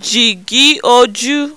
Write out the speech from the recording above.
jìgì ojú